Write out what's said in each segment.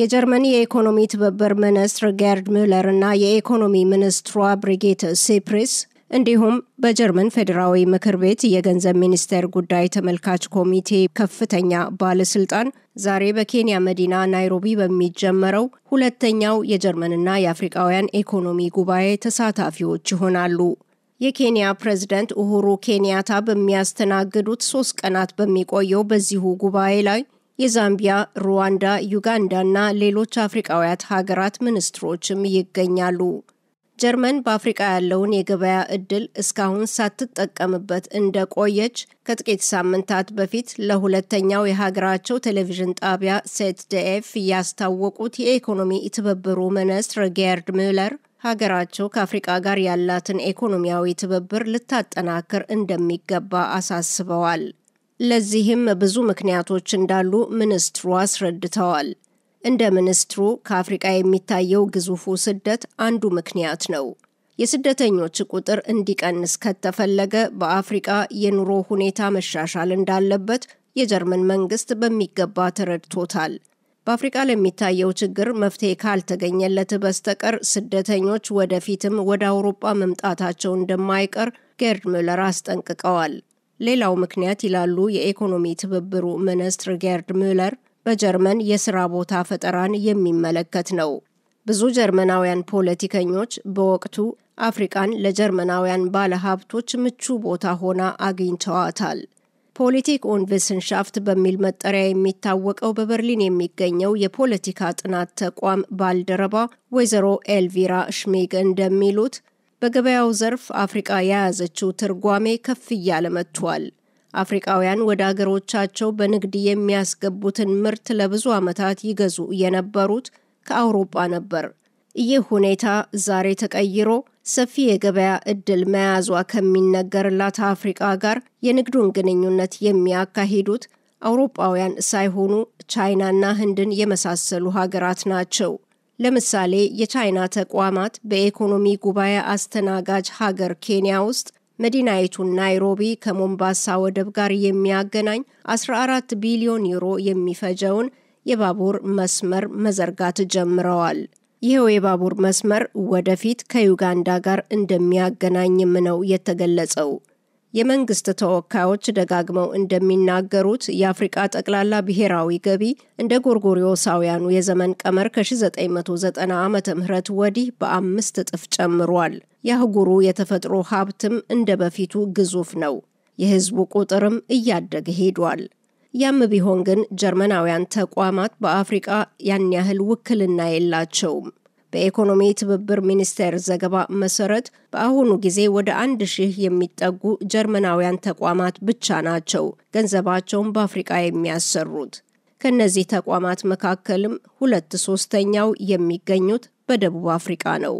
የጀርመን የኢኮኖሚ ትብብር ሚኒስትር ጌርድ ሚለር እና የኢኮኖሚ ሚኒስትሯ ብሪጌት ሲፕሪስ እንዲሁም በጀርመን ፌዴራዊ ምክር ቤት የገንዘብ ሚኒስቴር ጉዳይ ተመልካች ኮሚቴ ከፍተኛ ባለስልጣን ዛሬ በኬንያ መዲና ናይሮቢ በሚጀመረው ሁለተኛው የጀርመንና የአፍሪቃውያን ኢኮኖሚ ጉባኤ ተሳታፊዎች ይሆናሉ። የኬንያ ፕሬዝደንት ኡሁሩ ኬንያታ በሚያስተናግዱት ሶስት ቀናት በሚቆየው በዚሁ ጉባኤ ላይ የዛምቢያ፣ ሩዋንዳ፣ ዩጋንዳ እና ሌሎች አፍሪቃውያት ሀገራት ሚኒስትሮችም ይገኛሉ። ጀርመን በአፍሪቃ ያለውን የገበያ እድል እስካሁን ሳትጠቀምበት እንደቆየች ከጥቂት ሳምንታት በፊት ለሁለተኛው የሀገራቸው ቴሌቪዥን ጣቢያ ሴት ደኤፍ ያስታወቁት የኢኮኖሚ ትብብሩ ሚኒስትር ጌርድ ሚለር ሀገራቸው ከአፍሪቃ ጋር ያላትን ኢኮኖሚያዊ ትብብር ልታጠናክር እንደሚገባ አሳስበዋል። ለዚህም ብዙ ምክንያቶች እንዳሉ ሚኒስትሩ አስረድተዋል። እንደ ሚኒስትሩ ከአፍሪቃ የሚታየው ግዙፉ ስደት አንዱ ምክንያት ነው። የስደተኞች ቁጥር እንዲቀንስ ከተፈለገ በአፍሪቃ የኑሮ ሁኔታ መሻሻል እንዳለበት የጀርመን መንግስት በሚገባ ተረድቶታል። በአፍሪቃ ለሚታየው ችግር መፍትሄ ካልተገኘለት በስተቀር ስደተኞች ወደፊትም ወደ አውሮጳ መምጣታቸው እንደማይቀር ጌርድ ሙለር አስጠንቅቀዋል። ሌላው ምክንያት ይላሉ የኢኮኖሚ ትብብሩ ሚኒስትር ጌርድ ሚለር በጀርመን የስራ ቦታ ፈጠራን የሚመለከት ነው። ብዙ ጀርመናውያን ፖለቲከኞች በወቅቱ አፍሪቃን ለጀርመናውያን ባለሀብቶች ምቹ ቦታ ሆና አግኝተዋታል። ፖለቲክ ኦን ቪስንሻፍት በሚል መጠሪያ የሚታወቀው በበርሊን የሚገኘው የፖለቲካ ጥናት ተቋም ባልደረባ ወይዘሮ ኤልቪራ ሽሚግ እንደሚሉት በገበያው ዘርፍ አፍሪቃ የያዘችው ትርጓሜ ከፍ እያለ መጥቷል። አፍሪቃውያን ወደ አገሮቻቸው በንግድ የሚያስገቡትን ምርት ለብዙ ዓመታት ይገዙ የነበሩት ከአውሮጳ ነበር። ይህ ሁኔታ ዛሬ ተቀይሮ ሰፊ የገበያ እድል መያዟ ከሚነገርላት አፍሪቃ ጋር የንግዱን ግንኙነት የሚያካሂዱት አውሮጳውያን ሳይሆኑ ቻይናና ህንድን የመሳሰሉ ሀገራት ናቸው። ለምሳሌ የቻይና ተቋማት በኢኮኖሚ ጉባኤ አስተናጋጅ ሀገር ኬንያ ውስጥ መዲናይቱን ናይሮቢ ከሞምባሳ ወደብ ጋር የሚያገናኝ 14 ቢሊዮን ዩሮ የሚፈጀውን የባቡር መስመር መዘርጋት ጀምረዋል። ይኸው የባቡር መስመር ወደፊት ከዩጋንዳ ጋር እንደሚያገናኝም ነው የተገለጸው። የመንግስት ተወካዮች ደጋግመው እንደሚናገሩት የአፍሪቃ ጠቅላላ ብሔራዊ ገቢ እንደ ጎርጎሪዮሳውያኑ የዘመን ቀመር ከ1990 ዓ ም ወዲህ በአምስት እጥፍ ጨምሯል። የአህጉሩ የተፈጥሮ ሀብትም እንደ በፊቱ ግዙፍ ነው። የህዝቡ ቁጥርም እያደገ ሄዷል። ያም ቢሆን ግን ጀርመናውያን ተቋማት በአፍሪቃ ያን ያህል ውክልና የላቸውም። በኢኮኖሚ ትብብር ሚኒስቴር ዘገባ መሰረት በአሁኑ ጊዜ ወደ አንድ ሺህ የሚጠጉ ጀርመናውያን ተቋማት ብቻ ናቸው ገንዘባቸውን በአፍሪቃ የሚያሰሩት። ከእነዚህ ተቋማት መካከልም ሁለት ሶስተኛው የሚገኙት በደቡብ አፍሪቃ ነው።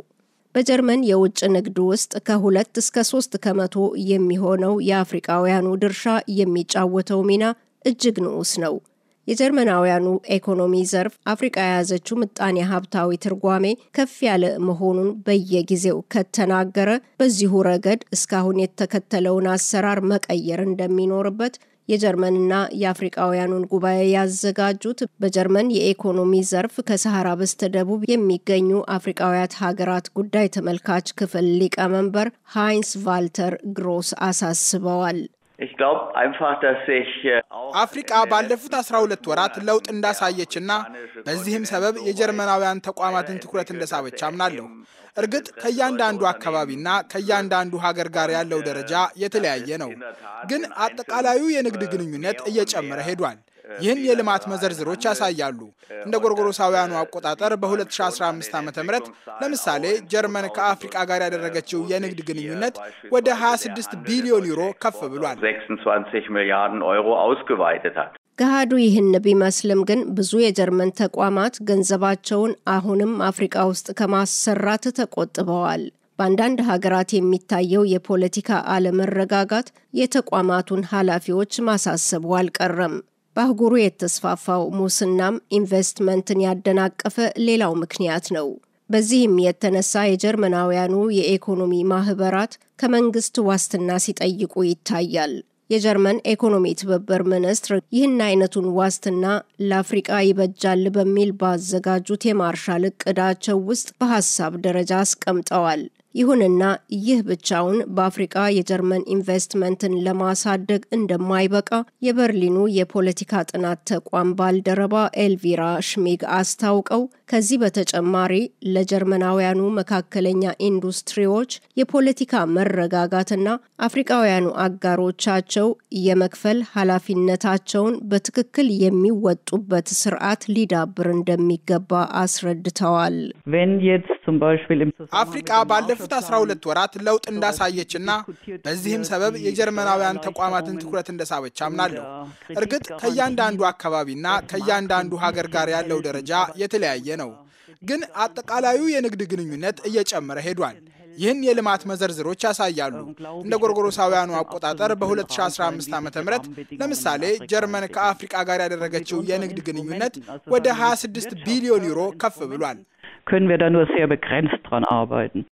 በጀርመን የውጭ ንግድ ውስጥ ከሁለት እስከ ሶስት ከመቶ የሚሆነው የአፍሪቃውያኑ ድርሻ የሚጫወተው ሚና እጅግ ንዑስ ነው። የጀርመናውያኑ ኢኮኖሚ ዘርፍ አፍሪቃ የያዘችው ምጣኔ ሀብታዊ ትርጓሜ ከፍ ያለ መሆኑን በየጊዜው ከተናገረ በዚሁ ረገድ እስካሁን የተከተለውን አሰራር መቀየር እንደሚኖርበት የጀርመንና የአፍሪቃውያኑን ጉባኤ ያዘጋጁት በጀርመን የኢኮኖሚ ዘርፍ ከሰሐራ በስተ ደቡብ የሚገኙ አፍሪቃውያት ሀገራት ጉዳይ ተመልካች ክፍል ሊቀመንበር ሃይንስ ቫልተር ግሮስ አሳስበዋል። አፍሪቃ äh, ባለፉት አስራ ሁለት ወራት ለውጥ እንዳሳየች ና በዚህም ሰበብ የጀርመናውያን ተቋማትን ትኩረት እንደሳበች አምናለሁ። እርግጥ ከእያንዳንዱ አካባቢና ከእያንዳንዱ ሀገር ጋር ያለው ደረጃ የተለያየ ነው። ግን አጠቃላዩ የንግድ ግንኙነት እየጨመረ ሄዷል። ይህን የልማት መዘርዝሮች ያሳያሉ። እንደ ጎርጎሮሳውያኑ አቆጣጠር በ2015 ዓ ም ለምሳሌ ጀርመን ከአፍሪቃ ጋር ያደረገችው የንግድ ግንኙነት ወደ 26 ቢሊዮን ዩሮ ከፍ ብሏል። ገሃዱ ይህን ቢመስልም ግን ብዙ የጀርመን ተቋማት ገንዘባቸውን አሁንም አፍሪቃ ውስጥ ከማሰራት ተቆጥበዋል። በአንዳንድ ሀገራት የሚታየው የፖለቲካ አለመረጋጋት የተቋማቱን ኃላፊዎች ማሳሰቡ አልቀረም። በአህጉሩ የተስፋፋው ሙስናም ኢንቨስትመንትን ያደናቀፈ ሌላው ምክንያት ነው። በዚህም የተነሳ የጀርመናውያኑ የኢኮኖሚ ማህበራት ከመንግስት ዋስትና ሲጠይቁ ይታያል። የጀርመን ኢኮኖሚ ትብብር ሚኒስትር ይህን አይነቱን ዋስትና ለአፍሪቃ ይበጃል በሚል ባዘጋጁት የማርሻል እቅዳቸው ውስጥ በሀሳብ ደረጃ አስቀምጠዋል። ይሁንና ይህ ብቻውን በአፍሪቃ የጀርመን ኢንቨስትመንትን ለማሳደግ እንደማይበቃ የበርሊኑ የፖለቲካ ጥናት ተቋም ባልደረባ ኤልቪራ ሽሚግ አስታውቀው ከዚህ በተጨማሪ ለጀርመናውያኑ መካከለኛ ኢንዱስትሪዎች የፖለቲካ መረጋጋትና አፍሪቃውያኑ አጋሮቻቸው የመክፈል ኃላፊነታቸውን በትክክል የሚወጡበት ስርዓት ሊዳብር እንደሚገባ አስረድተዋል። አፍሪቃ ባለፉት 12 ወራት ለውጥ እንዳሳየች እና በዚህም ሰበብ የጀርመናውያን ተቋማትን ትኩረት እንደሳበች አምናለሁ። እርግጥ ከእያንዳንዱ አካባቢና ከእያንዳንዱ ሀገር ጋር ያለው ደረጃ የተለያየ ነው። ግን አጠቃላዩ የንግድ ግንኙነት እየጨመረ ሄዷል። ይህን የልማት መዘርዝሮች ያሳያሉ። እንደ ጎርጎሮሳውያኑ አቆጣጠር በ2015 ዓ ም ለምሳሌ ጀርመን ከአፍሪቃ ጋር ያደረገችው የንግድ ግንኙነት ወደ 26 ቢሊዮን ዩሮ ከፍ ብሏል። können wir da nur sehr begrenzt dran arbeiten.